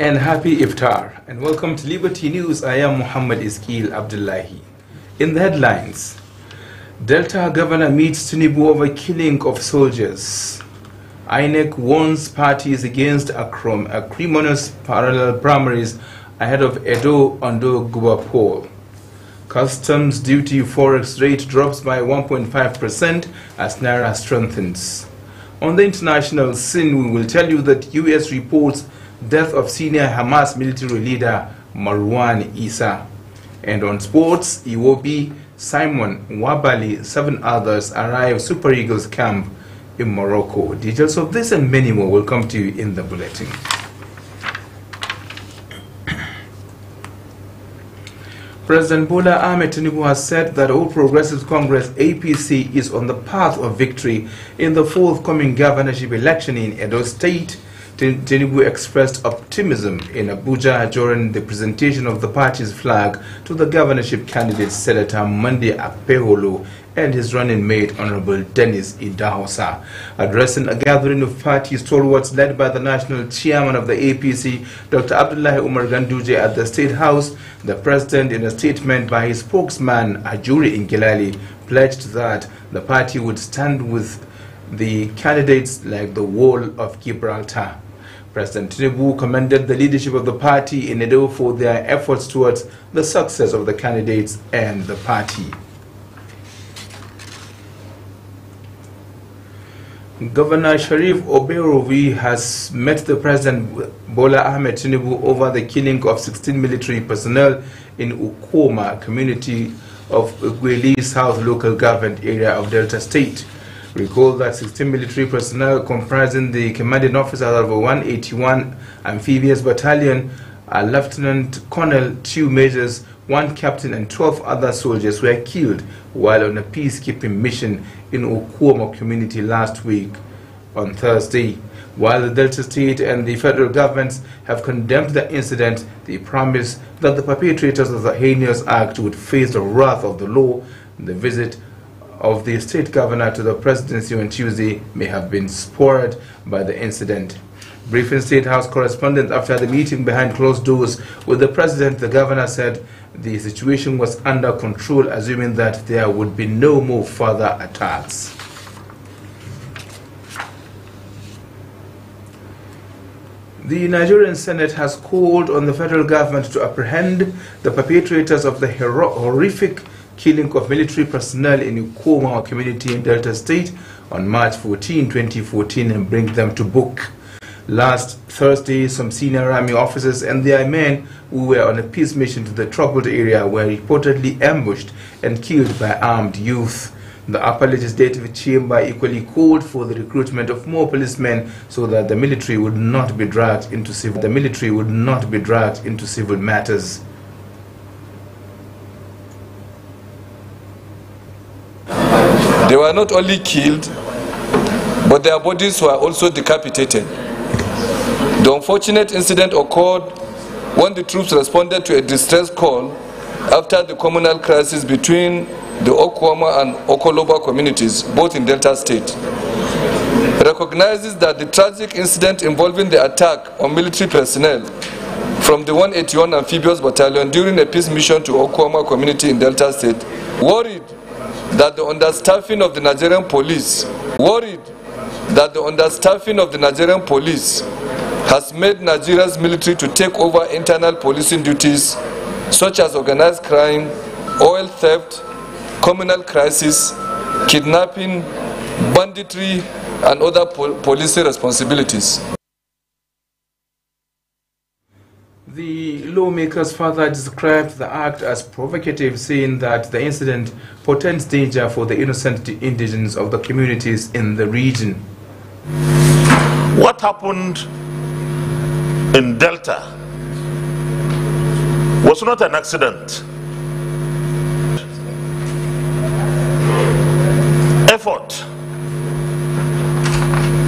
and happy iftar and welcome to Liberty News. I am Muhammad Iskil Abdullahi. In the headlines, Delta governor meets Tinubu over killing of soldiers. INEC warns parties against a, a criminous parallel primaries ahead of Edo Ondo Guba poll. Customs duty forex rate drops by 1.5% as Naira strengthens. On the international scene, we will tell you that US reports death of senior Hamas military leader Marwan Issa. And on sports, Iwobi, Simon, Wabali, seven others arrive Super Eagles camp in Morocco. Details of this and many more will come to you in the bulletin. President Bola Ahmed Tinubu has said that All Progressive Congress APC is on the path of victory in the forthcoming governorship election in Edo State Tinubu expressed optimism in Abuja during the presentation of the party's flag to the governorship candidate Senator Monday Apeholo and his running mate Honorable Dennis Idahosa. Addressing a gathering of party stalwarts led by the national chairman of the APC, Dr. Abdullahi Umar Ganduje at the State House, the president in a statement by his spokesman Ajuri Ingilali pledged that the party would stand with the candidates like the wall of Gibraltar. President Tinubu commended the leadership of the party in Edo for their efforts towards the success of the candidates and the party. Governor Sharif Oberovi has met the President Bola Ahmed Tinubu over the killing of 16 military personnel in Ukoma community of Ugweli South local government area of Delta State. Recall that 16 military personnel comprising the commanding officer of a 181 amphibious battalion, a Lieutenant Colonel, two majors, one captain and 12 other soldiers were killed while on a peacekeeping mission in Okuoma community last week on Thursday. While the Delta State and the federal governments have condemned the incident, they promised that the perpetrators of the heinous act would face the wrath of the law. The visit of the state governor to the presidency on Tuesday may have been spurred by the incident. Briefing State House correspondents after the meeting behind closed doors with the president, the governor said the situation was under control, assuming that there would be no more further attacks. The Nigerian Senate has called on the federal government to apprehend the perpetrators of the horrific killing of military personnel in Ukoma community in Delta State on March 14, 2014 and bring them to book. Last Thursday, some senior army officers and their men who were on a peace mission to the troubled area were reportedly ambushed and killed by armed youth. The upper legislative chamber equally called for the recruitment of more policemen so that the military would not be dragged into civil the military would not be dragged into civil matters. They were not only killed, but their bodies were also decapitated. The unfortunate incident occurred when the troops responded to a distress call after the communal crisis between the Okwama and Okoloba communities, both in Delta State. Recognizes that the tragic incident involving the attack on military personnel from the 181 Amphibious Battalion during a peace mission to Okwama community in Delta State worried that the understaffing of the Nigerian police, worried that the understaffing of the Nigerian police has made Nigeria's military to take over internal policing duties such as organized crime, oil theft, communal crisis, kidnapping, banditry, and other pol policy responsibilities. The lawmakers further described the act as provocative, saying that the incident portends danger for the innocent indigenous of the communities in the region. What happened in Delta was not an accident. Effort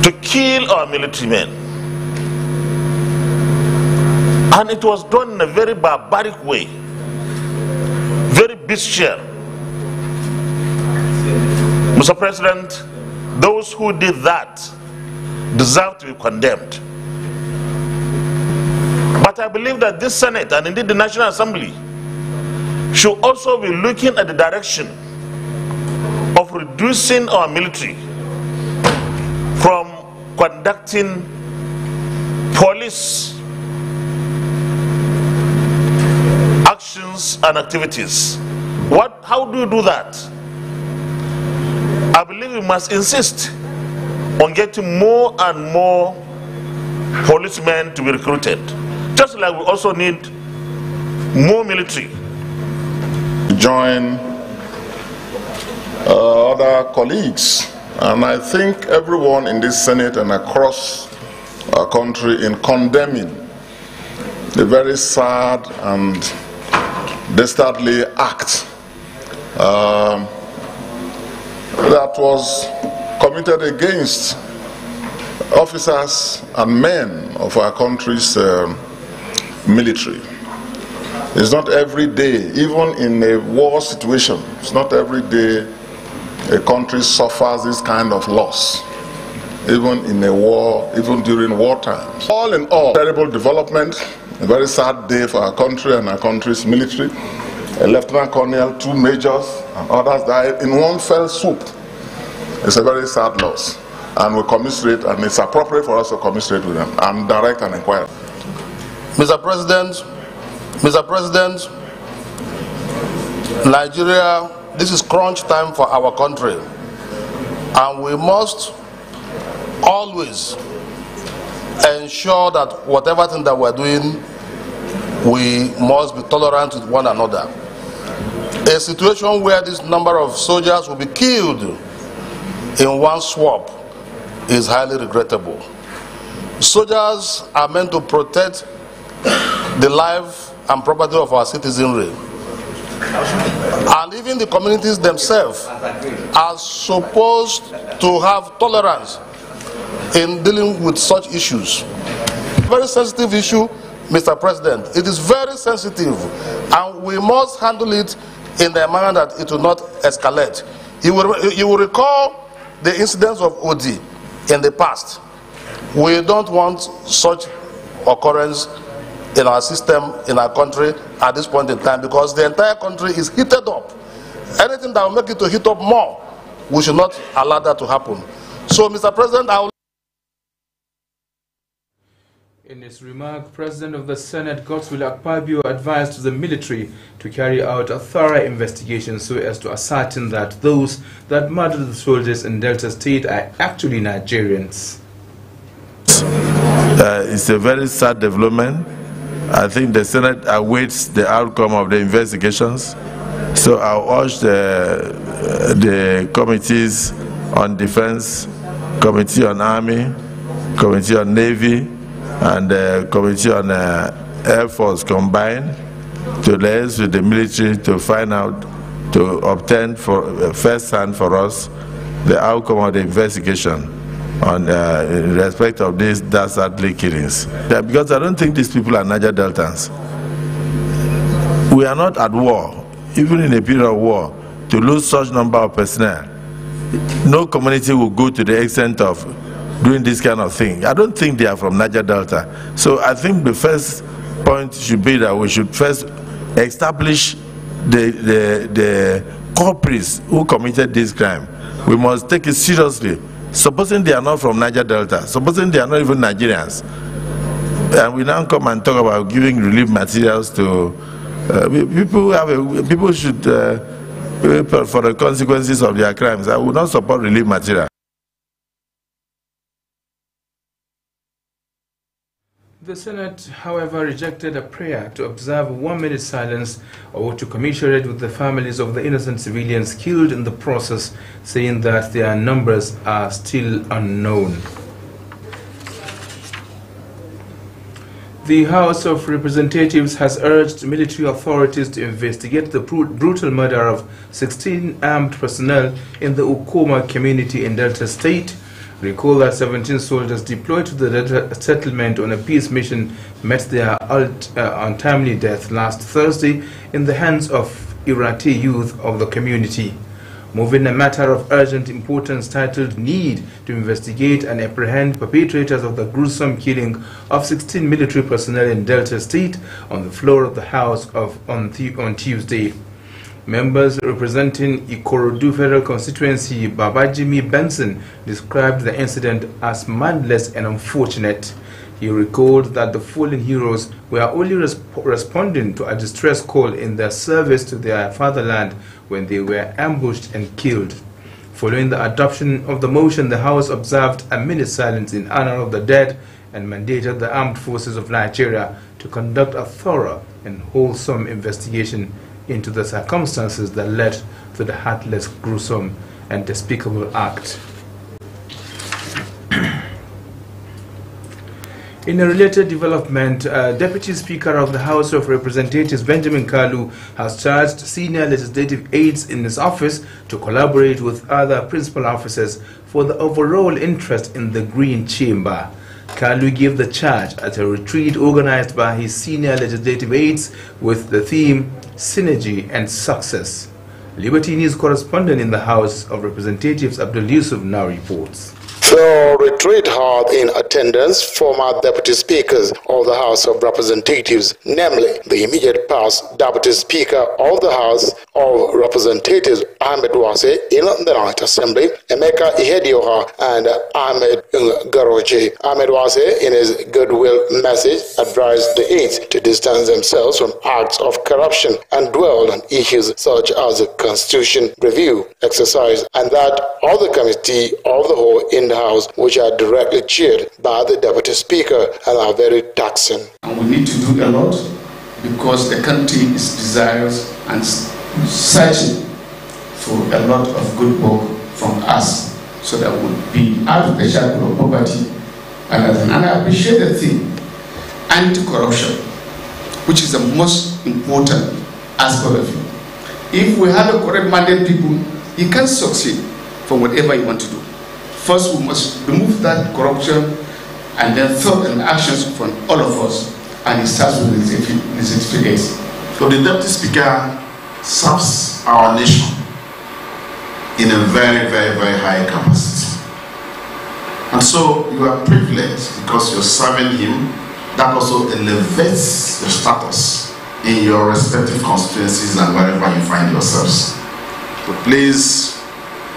to kill our military men and it was done in a very barbaric way, very bestial. Mr. President, those who did that deserve to be condemned. But I believe that this Senate and indeed the National Assembly should also be looking at the direction of reducing our military from conducting police and activities. What, how do you do that? I believe we must insist on getting more and more policemen to be recruited. Just like we also need more military. Join uh, other colleagues. And I think everyone in this Senate and across our country in condemning the very sad and dastardly act um, that was committed against officers and men of our country's uh, military. It's not every day, even in a war situation, it's not every day a country suffers this kind of loss, even in a war, even during war times. All in all, terrible development a very sad day for our country and our country's military. A lieutenant colonel, two majors, and others died in one fell swoop. It's a very sad loss. And we commiserate, and it's appropriate for us to commiserate with them and direct an inquiry. Mr. President, Mr. President, Nigeria, this is crunch time for our country. And we must always ensure that whatever thing that we're doing we must be tolerant with one another. A situation where this number of soldiers will be killed in one swap is highly regrettable. Soldiers are meant to protect the life and property of our citizenry. And even the communities themselves are supposed to have tolerance in dealing with such issues. Very sensitive issue Mr. President, it is very sensitive and we must handle it in the manner that it will not escalate. You will, you will recall the incidents of OD in the past. We don't want such occurrence in our system, in our country at this point in time because the entire country is heated up. Anything that will make it to heat up more, we should not allow that to happen. So, Mr. President, I will in his remark, President of the Senate Godswill Akpabio advised the military to carry out a thorough investigation so as to ascertain that those that murdered the soldiers in Delta State are actually Nigerians. Uh, it's a very sad development. I think the Senate awaits the outcome of the investigations. So I urge the, uh, the committees on defense, committee on army, committee on navy, and the Committee on uh, Air Force combined to liaise with the military to find out, to obtain for uh, first hand for us the outcome of the investigation on uh, in respect of these dastardly killings. Yeah, because I don't think these people are Niger Deltans. We are not at war, even in a period of war, to lose such number of personnel. No community will go to the extent of doing this kind of thing. I don't think they are from Niger Delta. So I think the first point should be that we should first establish the, the, the culprits who committed this crime. We must take it seriously. Supposing they are not from Niger Delta, supposing they are not even Nigerians, and we now come and talk about giving relief materials to uh, people. Have a, people should uh, for the consequences of their crimes. I will not support relief material. The Senate, however, rejected a prayer to observe one minute silence or to commiserate with the families of the innocent civilians killed in the process, saying that their numbers are still unknown. The House of Representatives has urged military authorities to investigate the brutal murder of 16 armed personnel in the Ukoma community in Delta State Recall that 17 soldiers deployed to the settlement on a peace mission met their uh, untimely death last Thursday in the hands of Irati youth of the community. Moving a matter of urgent importance titled Need to Investigate and Apprehend Perpetrators of the Gruesome Killing of 16 Military Personnel in Delta State on the floor of the House of on, on Tuesday. Members representing Ikorodu Federal Constituency Babajimi Benson described the incident as mindless and unfortunate. He recalled that the fallen heroes were only resp responding to a distress call in their service to their fatherland when they were ambushed and killed. Following the adoption of the motion, the House observed a minute silence in honor of the dead and mandated the armed forces of Nigeria to conduct a thorough and wholesome investigation into the circumstances that led to the heartless, gruesome, and despicable act. In a related development, uh, Deputy Speaker of the House of Representatives Benjamin Kalu has charged senior legislative aides in his office to collaborate with other principal officers for the overall interest in the Green Chamber. Kalu gave the charge at a retreat organized by his senior legislative aides with the theme synergy and success. News correspondent in the House of Representatives Abdul Yusuf now reports. The Retreat had in attendance former deputy speakers of the House of Representatives, namely the immediate past deputy speaker of the House of Representatives, Ahmed Wase, in the National Assembly, Emeka Ihedioha, and Ahmed Garoche. Ahmed Wase, in his goodwill message, advised the aides to distance themselves from acts of corruption and dwelled on issues such as the constitution review exercise and that of the committee of the whole in the House, which are directly chaired by the Deputy Speaker and are very taxing. And we need to do a lot because the country is desirous and searching for a lot of good work from us so that we'll be out of the shadow of poverty and, I appreciate the thing, anti-corruption, which is the most important aspect of it. If we have a correct-minded people, you can succeed from whatever you want to do. First, we must remove that corruption and then thought and actions from all of us. And it starts with the certificates. So the Deputy Speaker serves our nation in a very, very, very high capacity. And so you are privileged because you're serving him. That also elevates your status in your respective constituencies and wherever you find yourselves. So please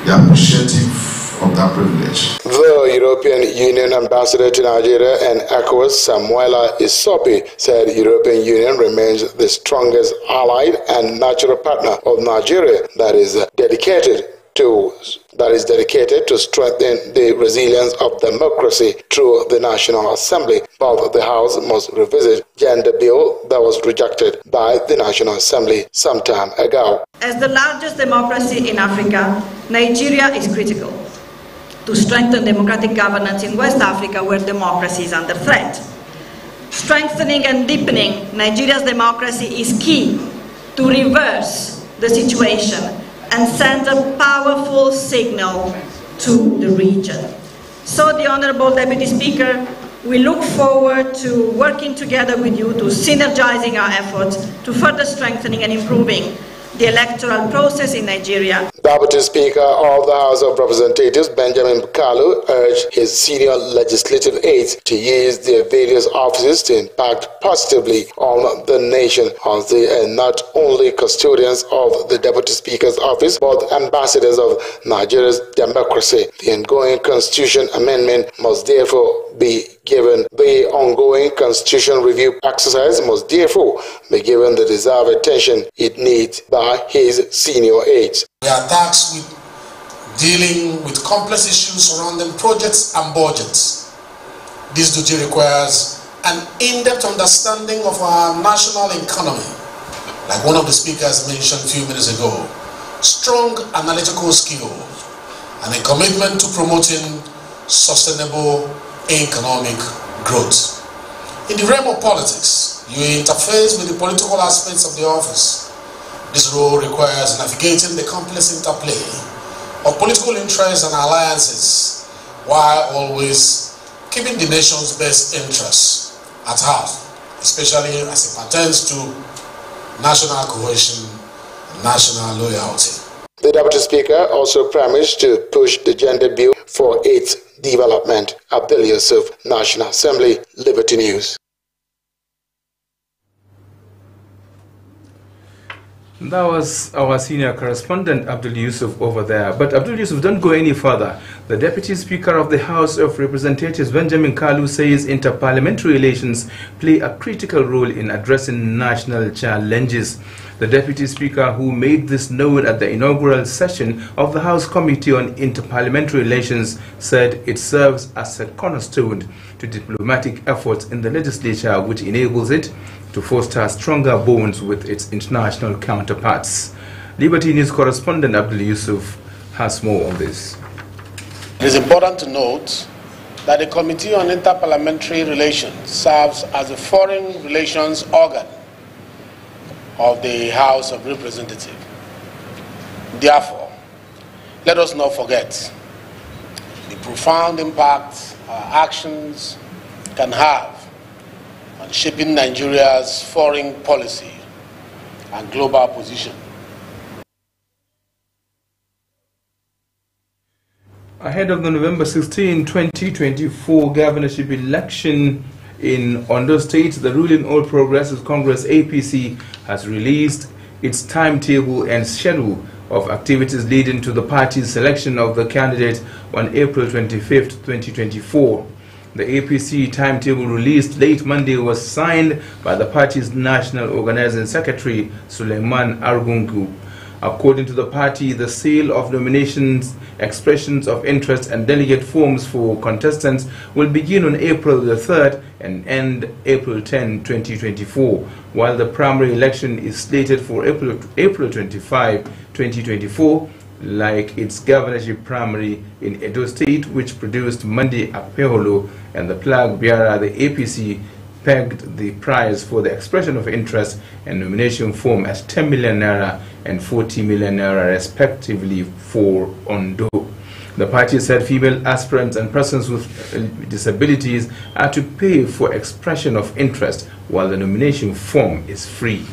be appreciative of that privilege. The European Union ambassador to Nigeria and ECOWAS, Samuela Isopi, said the European Union remains the strongest ally and natural partner of Nigeria that is dedicated to that is dedicated to strengthen the resilience of democracy through the National Assembly. Both the House must revisit gender bill that was rejected by the National Assembly some time ago. As the largest democracy in Africa, Nigeria is critical to strengthen democratic governance in West Africa where democracy is under threat. Strengthening and deepening Nigeria's democracy is key to reverse the situation and send a powerful signal to the region. So the Honorable Deputy Speaker, we look forward to working together with you to synergizing our efforts to further strengthening and improving the electoral process in Nigeria. Deputy Speaker of the House of Representatives Benjamin Kalu urged his senior legislative aides to use their various offices to impact positively on the nation as they are not only custodians of the Deputy Speaker's office but ambassadors of Nigeria's democracy. The ongoing constitution amendment must therefore be given the ongoing constitution review exercise must therefore be given the deserved attention it needs by his senior aides. We are tasked with dealing with complex issues surrounding projects and budgets. This duty requires an in-depth understanding of our national economy, like one of the speakers mentioned a few minutes ago, strong analytical skills, and a commitment to promoting sustainable economic growth. In the realm of politics, you interface with the political aspects of the office. This role requires navigating the complex interplay of political interests and alliances while always keeping the nation's best interests at heart, especially as it pertains to national cohesion and national loyalty. The Deputy Speaker also promised to push the gender bill for its Development. Abdul Yusuf, National Assembly, Liberty News. That was our senior correspondent, Abdul Yusuf, over there. But Abdul Yusuf, don't go any further. The Deputy Speaker of the House of Representatives, Benjamin Kalu, says interparliamentary relations play a critical role in addressing national challenges the Deputy Speaker, who made this known at the inaugural session of the House Committee on Interparliamentary Relations, said it serves as a cornerstone to diplomatic efforts in the legislature, which enables it to foster stronger bonds with its international counterparts. Liberty News correspondent Abdul Yusuf has more on this. It is important to note that the Committee on Interparliamentary Relations serves as a foreign relations organ of the House of Representatives. Therefore, let us not forget the profound impact our actions can have on shaping Nigeria's foreign policy and global position. Ahead of the November 16, 2024 governorship election, in Ondo State, the ruling All Progressive Congress APC has released its timetable and schedule of activities leading to the party's selection of the candidate on April 25, 2024. The APC timetable released late Monday was signed by the party's national organizing secretary, Suleiman Argungu. According to the party, the sale of nominations, expressions of interest and delegate forms for contestants will begin on April the 3rd and end April 10, 2024, while the primary election is slated for April, April 25, 2024, like its governorship primary in Edo State, which produced Monday Apeholo and the flag bearer, the APC, pegged the price for the expression of interest and nomination form at 10 million naira and 40 million naira respectively for Ondo. The party said female aspirants and persons with uh, disabilities are to pay for expression of interest while the nomination form is free.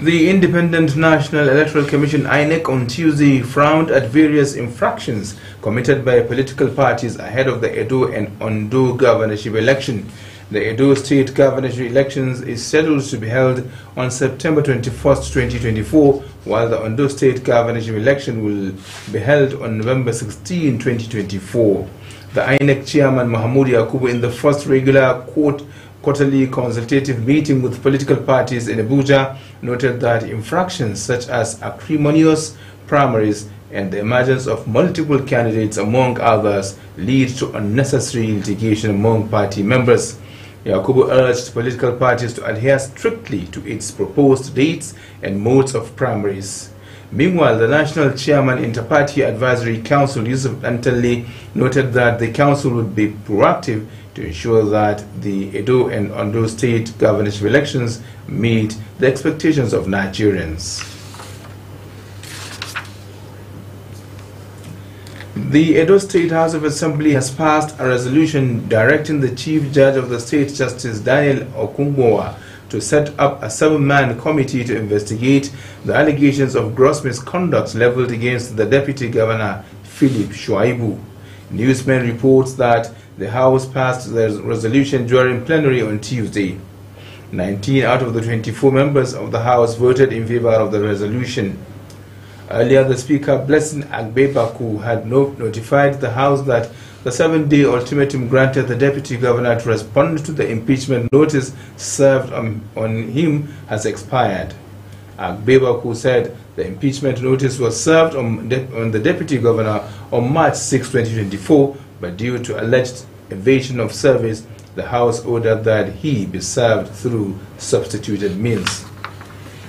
The Independent National Electoral Commission INEC on Tuesday frowned at various infractions committed by political parties ahead of the Edo and Ondo governorship election. The Edo State governorship elections is scheduled to be held on September 21, 2024, while the Ondo State governorship election will be held on November 16, 2024. The INEC chairman Mahmoud Yakubu in the first regular court quarterly consultative meeting with political parties in Abuja noted that infractions such as acrimonious primaries and the emergence of multiple candidates among others lead to unnecessary litigation among party members. Yakubu urged political parties to adhere strictly to its proposed dates and modes of primaries. Meanwhile, the National Chairman Interparty Advisory Council, Yusuf Antali, noted that the council would be proactive to ensure that the Edo and Ondo state governorship elections meet the expectations of Nigerians. The Edo State House of Assembly has passed a resolution directing the Chief Judge of the State, Justice Daniel Okungwa, to set up a seven-man committee to investigate the allegations of gross misconduct leveled against the Deputy Governor, Philip Shuaibu. Newsman reports that the House passed the resolution during plenary on Tuesday. 19 out of the 24 members of the House voted in favor of the resolution. Earlier, the Speaker, Blessing Agbebaku, had no notified the House that the seven-day ultimatum granted the Deputy Governor to respond to the impeachment notice served on, on him has expired. Agbebaku said the impeachment notice was served on, on the Deputy Governor on March 6, 2024, but due to alleged evasion of service, the House ordered that he be served through substituted means.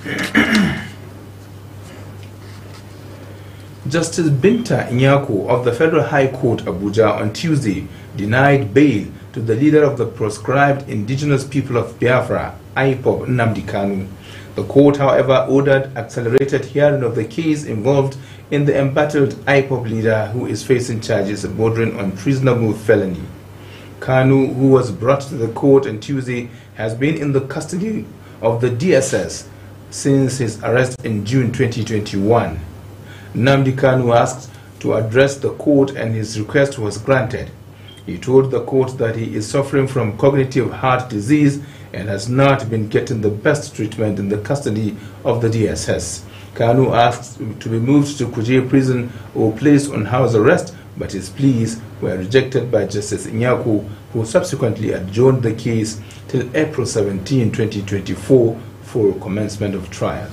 Justice Binta Nyako of the Federal High Court Abuja on Tuesday denied bail to the leader of the proscribed indigenous people of Biafra, IPOB Namdi Kanu. The court, however, ordered accelerated hearing of the case involved in the embattled IPOP leader who is facing charges bordering on treasonable felony. Kanu, who was brought to the court on Tuesday, has been in the custody of the DSS since his arrest in June 2021. Namdi Kanu asked to address the court and his request was granted. He told the court that he is suffering from cognitive heart disease and has not been getting the best treatment in the custody of the DSS. Kanu asked to be moved to Kuje prison or placed on house arrest, but his pleas were rejected by Justice Nyaku, who subsequently adjourned the case till April 17, 2024 for commencement of trial.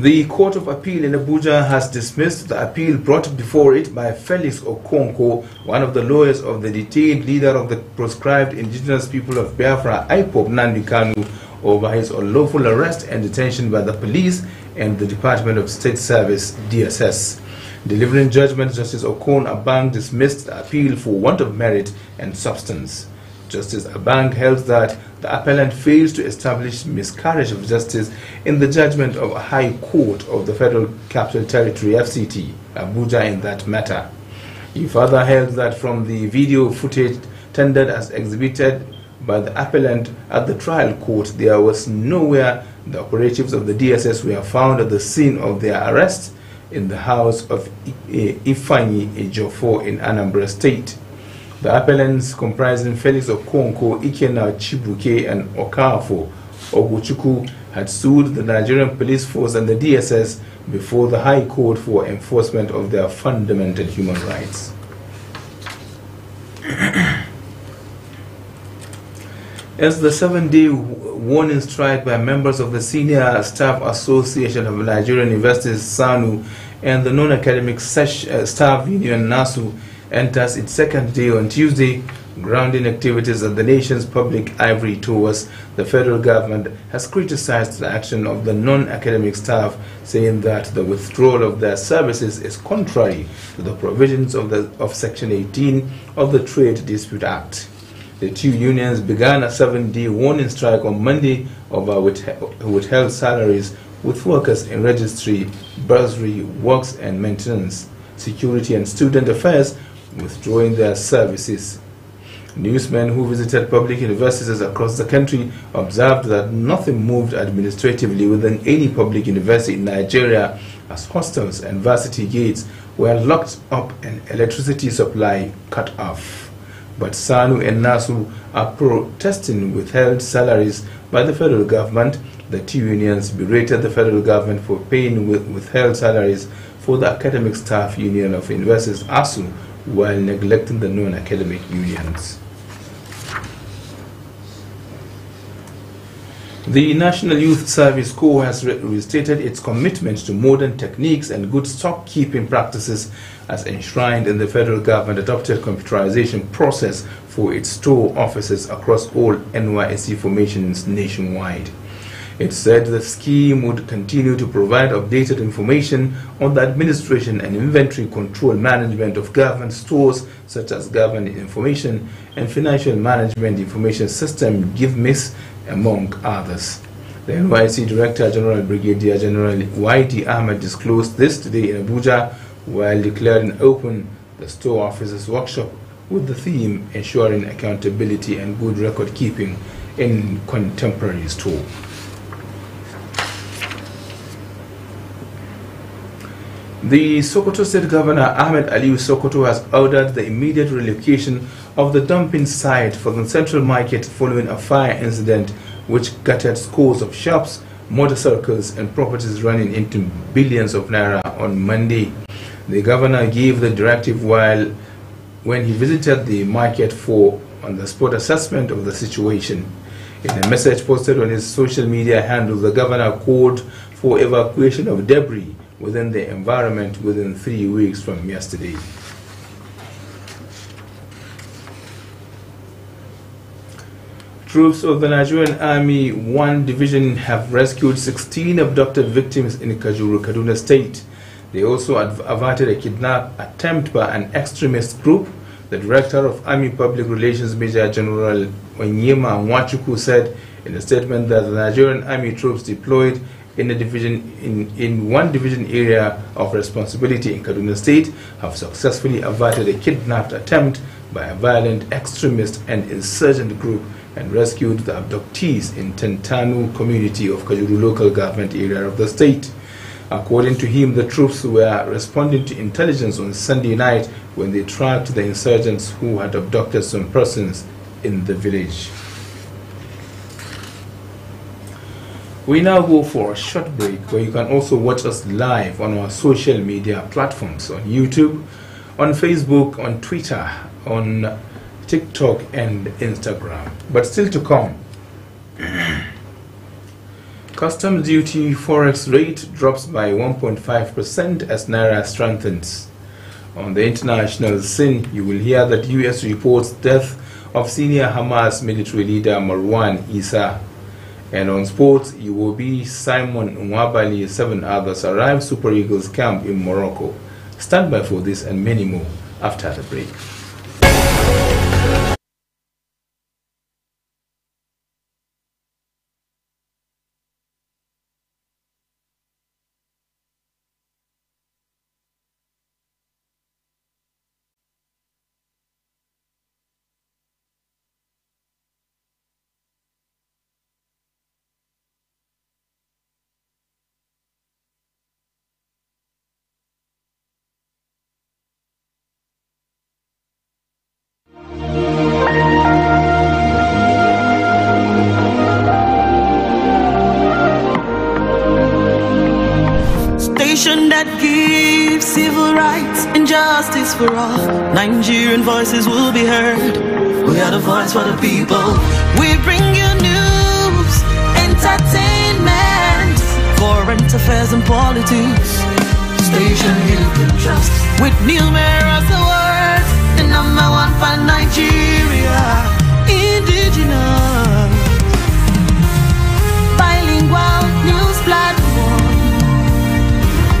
The Court of Appeal in Abuja has dismissed the appeal brought before it by Felix Okonko, one of the lawyers of the detained leader of the proscribed indigenous people of Biafra, IPOP Nandi Kanu, over his unlawful arrest and detention by the police and the Department of State Service, DSS. Delivering judgment, Justice Okon Abang dismissed the appeal for want of merit and substance. Justice Abang held that the appellant fails to establish miscarriage of justice in the judgment of a High Court of the Federal Capital Territory FCT, Abuja, in that matter. He further held that from the video footage tendered as exhibited by the appellant at the trial court, there was nowhere the operatives of the DSS were found at the scene of their arrest in the house of Ifanyi Ejofo in Anambra State. The appellants comprising Felix Okonko, Ikena Chibuke, and Okafo Oguchuku had sued the Nigerian police force and the DSS before the High Court for enforcement of their fundamental human rights. As the seven-day warning strike by members of the Senior Staff Association of Nigerian Universities, SANU, and the Non-Academic uh, Staff Union, NASU, enters its second day on Tuesday, grounding activities at the nation's public ivory tours. The federal government has criticized the action of the non-academic staff, saying that the withdrawal of their services is contrary to the provisions of, the, of Section 18 of the Trade Dispute Act. The two unions began a seven-day warning strike on Monday over withheld salaries with workers in registry, bursary, works and maintenance, security and student affairs withdrawing their services. Newsmen who visited public universities across the country observed that nothing moved administratively within any public university in Nigeria as hostels and varsity gates were locked up and electricity supply cut off. But SANU and NASU are protesting withheld salaries by the federal government. The two unions berated the federal government for paying withheld salaries for the Academic Staff Union of Universities, ASU, while neglecting the non-academic unions. The National Youth Service Corps has restated its commitment to modern techniques and good stock-keeping practices as enshrined in the federal government-adopted computerization process for its store offices across all NYSC formations nationwide. It said the scheme would continue to provide updated information on the administration and inventory control management of government stores such as government information and financial management information system GIVMIS among others. The NYC Director General Brigadier General Y.D. Ahmed disclosed this today in Abuja while declaring open the store officers workshop with the theme ensuring accountability and good record keeping in contemporary store. The Sokoto State Governor Ahmed Aliu Sokoto has ordered the immediate relocation of the dumping site for the central market following a fire incident which gutted scores of shops, motorcycles and properties running into billions of naira on Monday. The governor gave the directive while when he visited the market for on-the-spot assessment of the situation. In a message posted on his social media handle, the governor called for evacuation of debris within the environment within three weeks from yesterday. Troops of the Nigerian Army 1 Division have rescued 16 abducted victims in Kajuru, Kaduna State. They also averted a kidnap attempt by an extremist group. The Director of Army Public Relations Major General Onyema Mwachuku said in a statement that the Nigerian Army troops deployed in a division in, in one division area of responsibility in Kaduna State have successfully averted a kidnapped attempt by a violent extremist and insurgent group and rescued the abductees in Tentanu community of Kajuru local government area of the state. According to him, the troops were responding to intelligence on Sunday night when they tracked the insurgents who had abducted some persons in the village. We now go for a short break where you can also watch us live on our social media platforms on YouTube, on Facebook, on Twitter, on TikTok, and Instagram. But still to come. Custom duty forex rate drops by 1.5% as Naira strengthens. On the international scene, you will hear that US reports death of senior Hamas military leader Marwan Issa and on sports, it will be Simon and seven others arrive Super Eagles camp in Morocco. Stand by for this and many more after the break. and voices will be heard. We are the voice for the people. We bring you news, entertainment, foreign affairs and politics. Station you can trust with numerous awards, the number one for Nigeria, indigenous, bilingual news platform,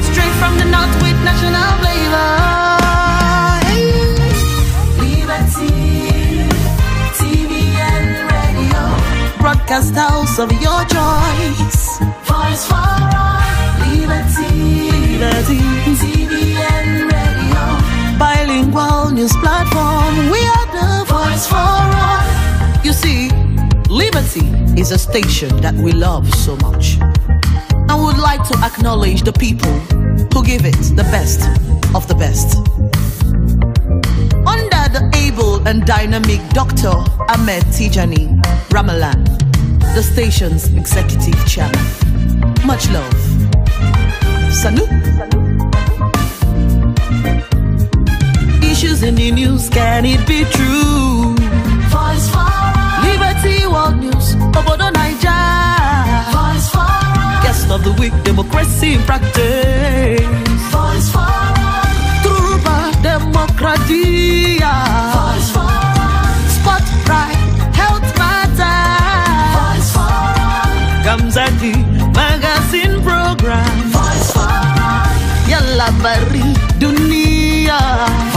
straight from the north with national flavor. podcast house of your choice. Voice for all, liberty, TVN radio, bilingual news platform. We are the voice for all. You see, Liberty is a station that we love so much. I would like to acknowledge the people who give it the best of the best. Under the able and dynamic Dr. Ahmed Tijani Ramalan the station's executive chairman. Much love. Salut. Issues in the news, can it be true? Voice for Liberty World News, Obodo Naija. Voice for Guest of the week, democracy in practice. Voice for us. Truba Democratia. comes at the magazine program. Voice Farah. Yalla bari dunia.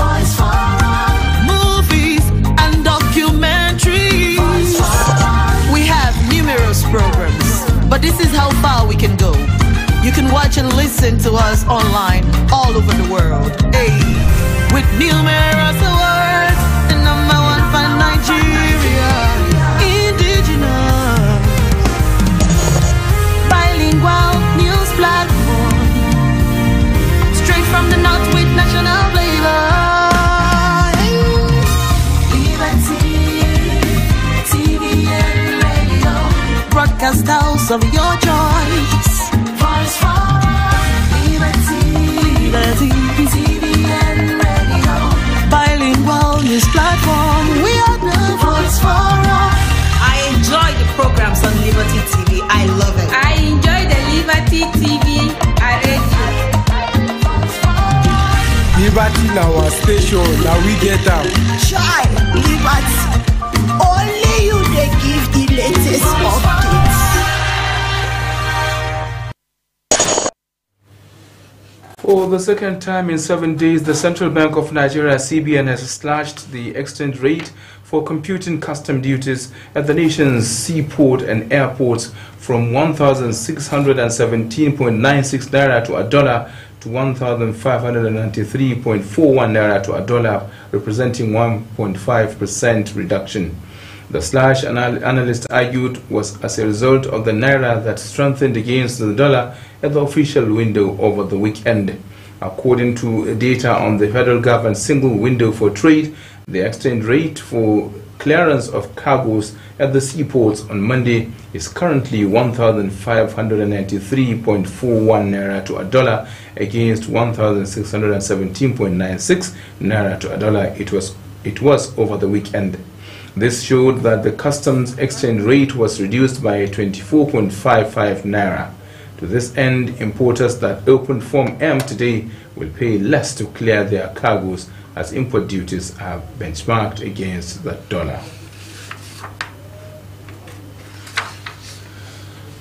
Voice Farah. Movies and documentaries. Voice Farah. We have numerous programs, but this is how far we can go. You can watch and listen to us online all over the world. Hey, with numerous awards. of your choice. Voice for Liberty. Liberty. TVN Radio. Bilingual news platform. We are the voice for I enjoy the programs on Liberty TV. I love it. I enjoy the Liberty TV radio. Liberty now our station, na we get am. Chai, Liberty, only you they give the latest update. For the second time in seven days, the Central Bank of Nigeria, CBN, has slashed the exchange rate for computing custom duties at the nation's seaport and airports from 1,617.96 naira to a dollar to 1,593.41 naira to a dollar, representing 1.5% reduction. The slash, analysts argued, was as a result of the naira that strengthened against the dollar at the official window over the weekend. According to data on the federal government's single window for trade, the exchange rate for clearance of cargoes at the seaports on Monday is currently 1,593.41 naira to a dollar against 1,617.96 naira to a dollar. It was it was over the weekend. This showed that the customs exchange rate was reduced by 24.55 naira. To this end, importers that open Form M today will pay less to clear their cargoes as import duties are benchmarked against the dollar.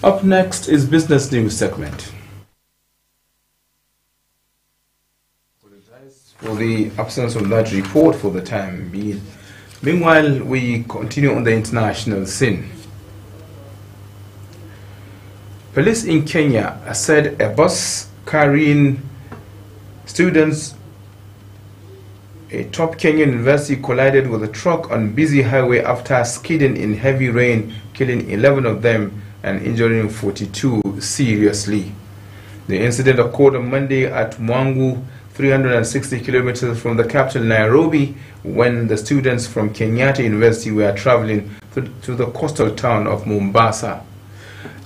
Up next is business news segment. For the absence of that report for the time being. Meanwhile, we continue on the international scene. Police in Kenya said a bus carrying students a top Kenyan university collided with a truck on busy highway after skidding in heavy rain, killing 11 of them and injuring 42 seriously. The incident occurred on Monday at Mwangu, 360 kilometers from the capital Nairobi, when the students from Kenyatta University were traveling to the coastal town of Mombasa.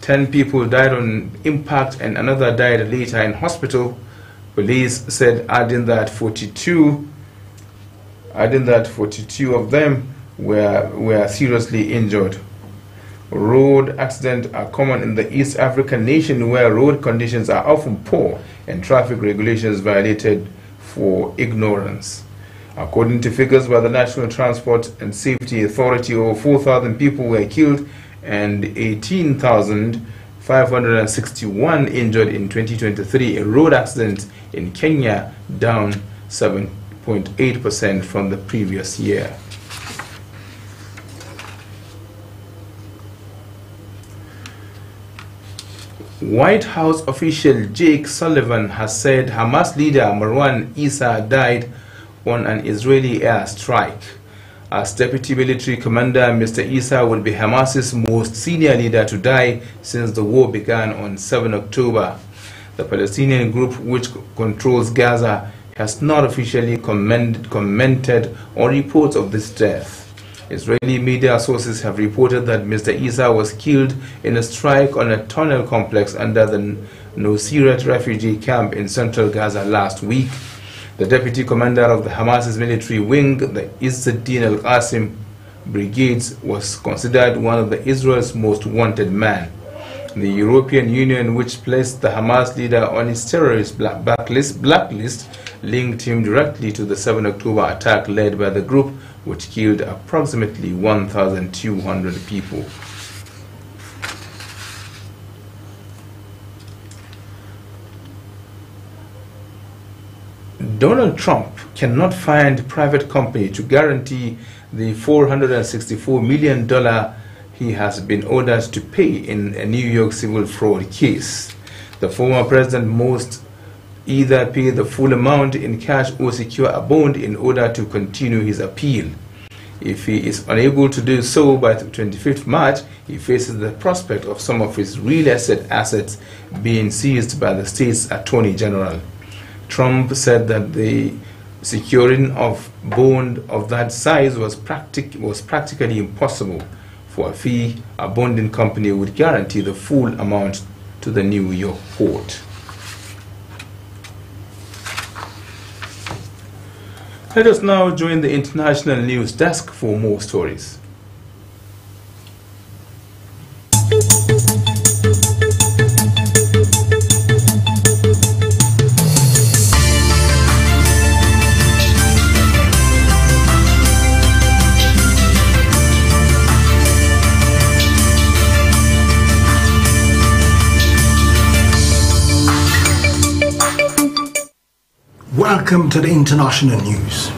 10 people died on impact and another died later in hospital. Police said adding that 42 adding that 42 of them were, were seriously injured. Road accidents are common in the East African nation where road conditions are often poor and traffic regulations violated for ignorance. According to figures by the National Transport and Safety Authority, over 4,000 people were killed and 18,561 injured in 2023 A road accident in Kenya, down 7.8% from the previous year. White House official Jake Sullivan has said Hamas leader Marwan Issa died on an Israeli airstrike. As Deputy Military Commander, Mr. Isa will be Hamas's most senior leader to die since the war began on 7 October. The Palestinian group which controls Gaza has not officially commented on reports of this death. Israeli media sources have reported that Mr. Isa was killed in a strike on a tunnel complex under the Nosirat refugee camp in central Gaza last week. The deputy commander of the Hamas's military wing, the Izzeddin al-Qasim Brigades, was considered one of the Israel's most wanted men. The European Union, which placed the Hamas leader on its terrorist blacklist, blacklist linked him directly to the 7 October attack led by the group, which killed approximately 1,200 people. Donald Trump cannot find private company to guarantee the $464 million he has been ordered to pay in a New York civil fraud case. The former president must either pay the full amount in cash or secure a bond in order to continue his appeal. If he is unable to do so by 25th March, he faces the prospect of some of his real estate assets being seized by the state's attorney general. Trump said that the securing of bond of that size was, practic- was practically impossible for a fee a bonding company would guarantee the full amount to the New York court. Let us now join the international news desk for more stories. Welcome to the international news.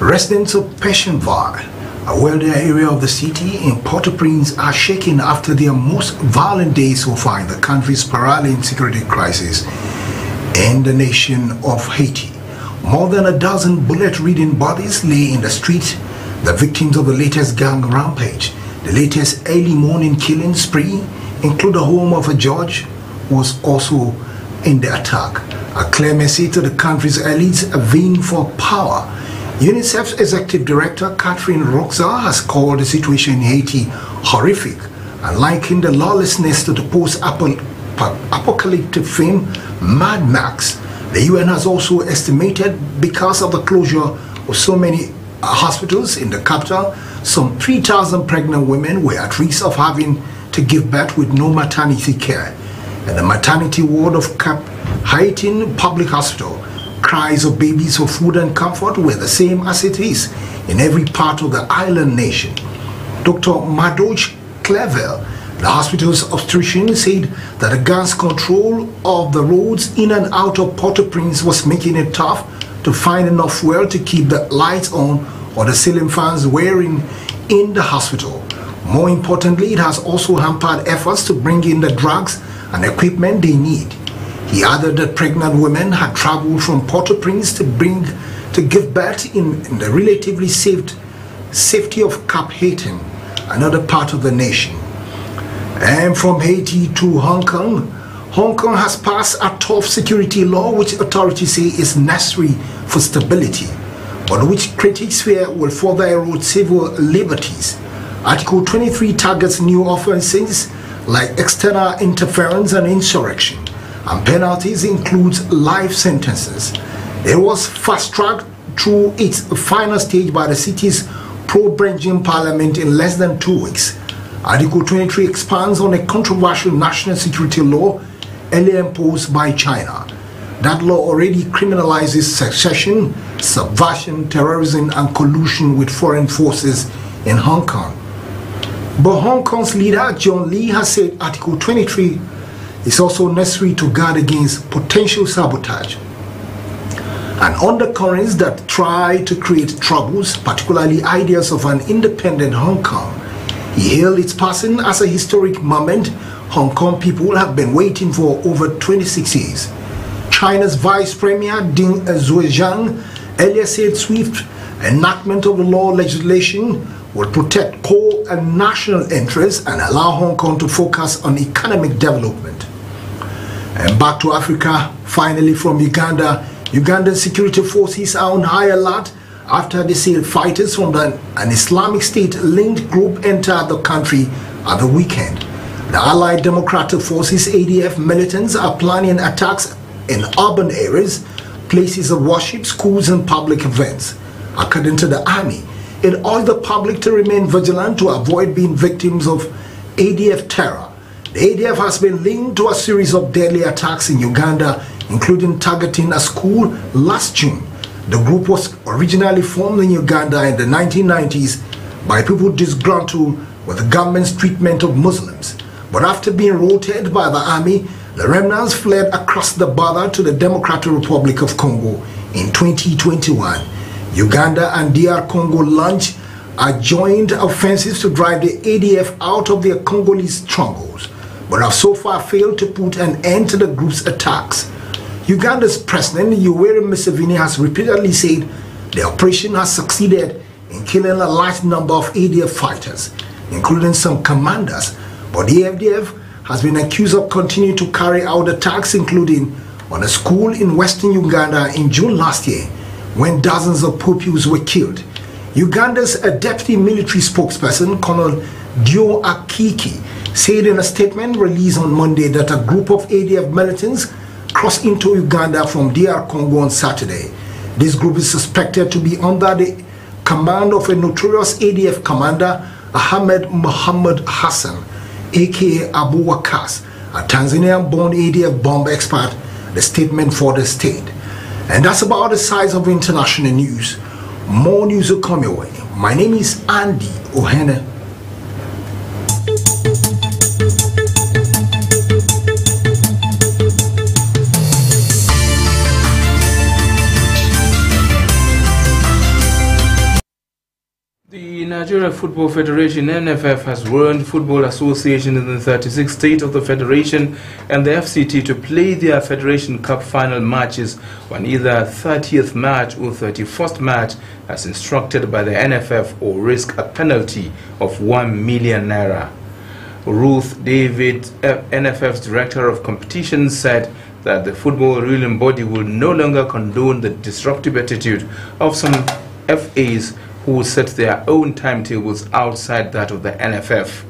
Residents of Peshawar, a wealthy area of the city in Port-au-Prince, are shaken after their most violent day so far in the country's paralyzing security crisis in the nation of Haiti. More than a dozen bullet-ridden bodies lay in the street, the victims of the latest gang rampage. The latest early morning killing spree include the home of a judge was also in the attack. A clemency to the country's elites vying for power. UNICEF's executive director, Catherine Roxar has called the situation in Haiti horrific and likened the lawlessness to the post-apocalyptic film Mad Max. The UN has also estimated because of the closure of so many uh, hospitals in the capital, some 3,000 pregnant women were at risk of having to give birth with no maternity care and the maternity ward of Cap Haitian Public Hospital, cries of babies for food and comfort were the same as it is in every part of the island nation. Dr. Madoj Clevel, the hospital's obstetrician, said that the gun's control of the roads in and out of Port-au-Prince was making it tough to find enough fuel to keep the lights on or the ceiling fans wearing in the hospital. More importantly, it has also hampered efforts to bring in the drugs and equipment they need. He added that pregnant women had traveled from Port-au-Prince to bring to give birth in, in the relatively safe safety of Cap Haiti, another part of the nation. And from Haiti to Hong Kong, Hong Kong has passed a tough security law which authorities say is necessary for stability, but which critics fear will further erode civil liberties. Article 23 targets new offences like external interference and insurrection, and penalties include life sentences. It was fast-tracked through its final stage by the city's pro beijing parliament in less than two weeks. Article 23 expands on a controversial national security law earlier imposed by China. That law already criminalizes secession, subversion, terrorism, and collusion with foreign forces in Hong Kong. But Hong Kong's leader John Lee has said Article 23 is also necessary to guard against potential sabotage and undercurrents that try to create troubles, particularly ideas of an independent Hong Kong. He hailed its passing as a historic moment Hong Kong people have been waiting for over 26 years. China's Vice Premier Ding Zhuojiang earlier said swift enactment of the law legislation will protect core and national interests and allow Hong Kong to focus on economic development. And back to Africa, finally from Uganda, Ugandan security forces are on high alert after they see fighters from the, an Islamic State-linked group entered the country at the weekend. The Allied Democratic Forces ADF militants are planning attacks in urban areas, places of worship, schools and public events. According to the army, it urged the public to remain vigilant to avoid being victims of ADF terror. The ADF has been linked to a series of deadly attacks in Uganda, including targeting a school last June. The group was originally formed in Uganda in the 1990s by people disgruntled with the government's treatment of Muslims. But after being routed by the army, the remnants fled across the border to the Democratic Republic of Congo in 2021 Uganda and DR Congo launch a joint offensive to drive the ADF out of their Congolese strongholds, but have so far failed to put an end to the group's attacks. Uganda's president Yoweri Museveni has repeatedly said the operation has succeeded in killing a large number of ADF fighters, including some commanders, but the ADF has been accused of continuing to carry out attacks including on a school in western Uganda in June last year when dozens of pupils were killed. Uganda's deputy military spokesperson, Colonel Dio Akiki, said in a statement released on Monday that a group of ADF militants crossed into Uganda from DR Congo on Saturday. This group is suspected to be under the command of a notorious ADF commander, Ahmed Mohamed Hassan, aka Abu Wakas, a Tanzanian-born ADF bomb expert, the statement for the state. And that's about the size of international news. More news will come your way. My name is Andy Ohene. Nigeria Football Federation NFF has warned football associations in the 36th state of the federation and the FCT to play their Federation Cup final matches on either 30th March or 31st March as instructed by the NFF or risk a penalty of 1 million naira. Ruth David, uh, NFF's Director of Competition, said that the football ruling body will no longer condone the disruptive attitude of some FAs who set their own timetables outside that of the NFF.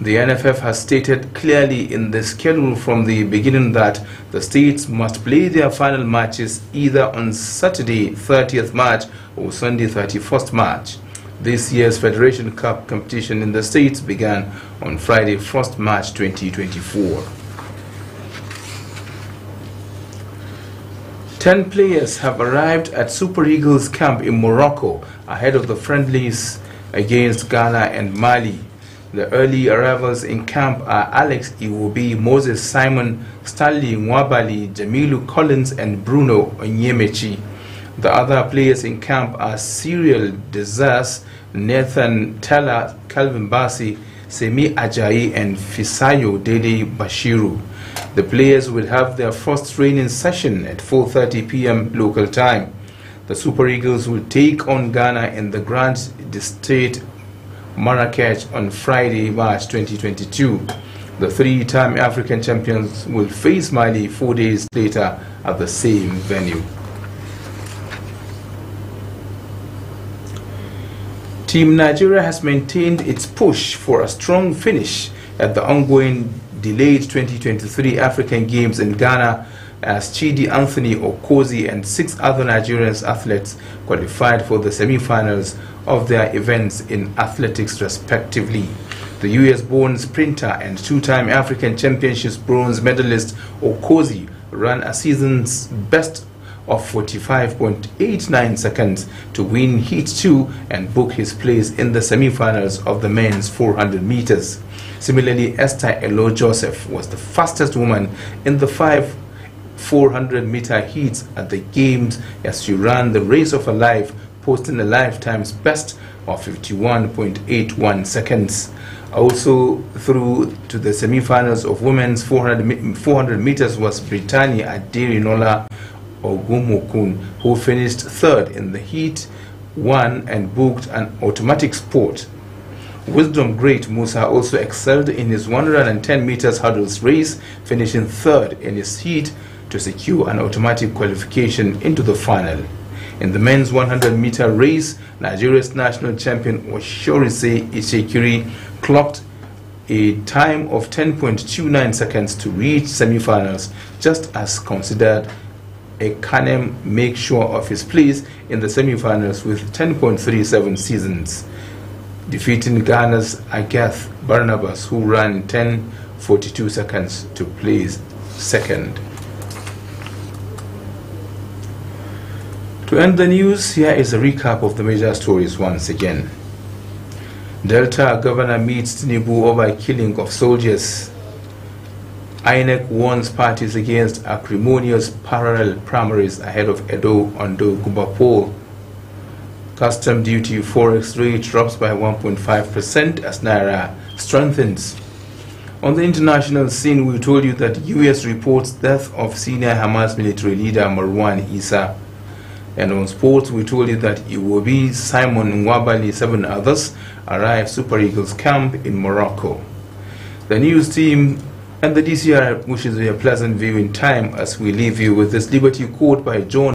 The NFF has stated clearly in the schedule from the beginning that the states must play their final matches either on Saturday 30th March or Sunday 31st March. This year's Federation Cup competition in the states began on Friday 1st March 2024. Ten players have arrived at Super Eagles camp in Morocco ahead of the friendlies against Ghana and Mali. The early arrivals in camp are Alex Iwobi, Moses Simon, Stanley Mwabali, Jamilu Collins, and Bruno Onyemechi. The other players in camp are Serial Desas, Nathan Teller, Calvin Basi, Semi Ajayi, and Fisayo Dede Bashiru. The players will have their first training session at 4.30 p.m. local time. The Super Eagles will take on Ghana in the Grand State Marrakech on Friday, March 2022. The three-time African champions will face Mali four days later at the same venue. Team Nigeria has maintained its push for a strong finish at the ongoing delayed 2023 African Games in Ghana as Chidi Anthony Okozi and six other Nigerian athletes qualified for the semi-finals of their events in athletics respectively. The US-born sprinter and two-time African Championships bronze medalist Okozi ran a season's best of 45.89 seconds to win Heat 2 and book his place in the semi-finals of the men's 400 meters. Similarly, Esther Elo Joseph was the fastest woman in the 5 400 meter heats at the games as she ran the race of her life, posting a lifetime's best of 51.81 seconds. Also through to the semi-finals of women's 400, 400 meters was Britannia Adirinola Ogumokun, who finished third in the heat, won and booked an automatic spot. Wisdom great Musa also excelled in his 110 meters hurdles race, finishing third in his heat to secure an automatic qualification into the final. In the men's 100-meter race, Nigeria's national champion Oshorise Ishikiri clocked a time of 10.29 seconds to reach semifinals, just as considered a Canem make sure of his place in the semifinals with 10.37 seasons, defeating Ghana's Agath Barnabas, who ran 10.42 seconds to place second. To end the news, here is a recap of the major stories once again. Delta governor meets Tinubu over killing of soldiers. INEC warns parties against acrimonious parallel primaries ahead of Edo Ondo Guba poll. Custom duty forex rate drops by 1.5% as Naira strengthens. On the international scene, we told you that U.S. reports death of senior Hamas military leader Marwan Issa. And on sports, we told you that be Simon Nwabali, seven others arrived Super Eagles camp in Morocco. The news team and the DCR wishes you a pleasant viewing time as we leave you with this Liberty quote by John.